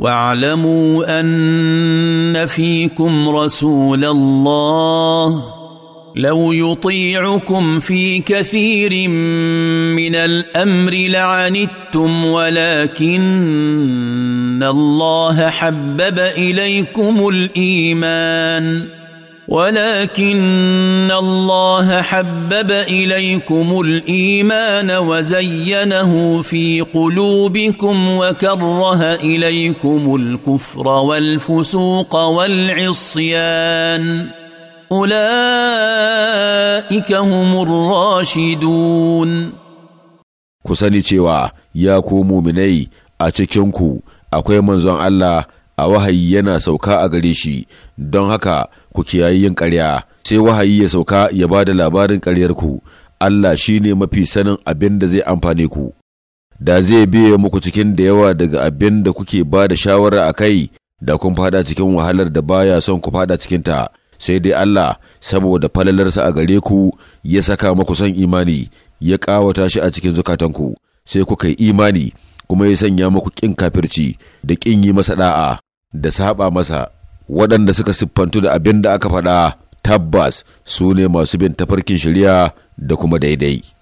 واعلموا ان فيكم رسول الله لو يطيعكم في كثير من الامر لعنتم ولكن الله حبب اليكم الايمان ولكن الله حبب اليكم الايمان وزينه في قلوبكم وكره اليكم الكفر والفسوق والعصيان اولئك هم الراشدون كساني cewa ya مؤمني muminai a cikinku akwai manzon Allah a wahayi yana sauka a ku kiyayi yin karya sai wahayi ya sauka ya ba da labarin ƙaryarku Allah shi ne mafi sanin abin da zai amfane ku da zai biye muku cikin da yawa daga abin da kuke ba da shawara a kai da kun fada cikin wahalar da baya son ku fada ta sai dai Allah saboda falalarsa a gare ku ya saka muku son imani ya kawata shi a cikin zukatanku sai kuka yi imani kuma ya sanya muku ƙin kafirci da ƙin yi masa da'a da saba masa waɗanda suka siffantu da abin da aka faɗa tabbas su ne masu bin tafarkin shari'a da kuma daidai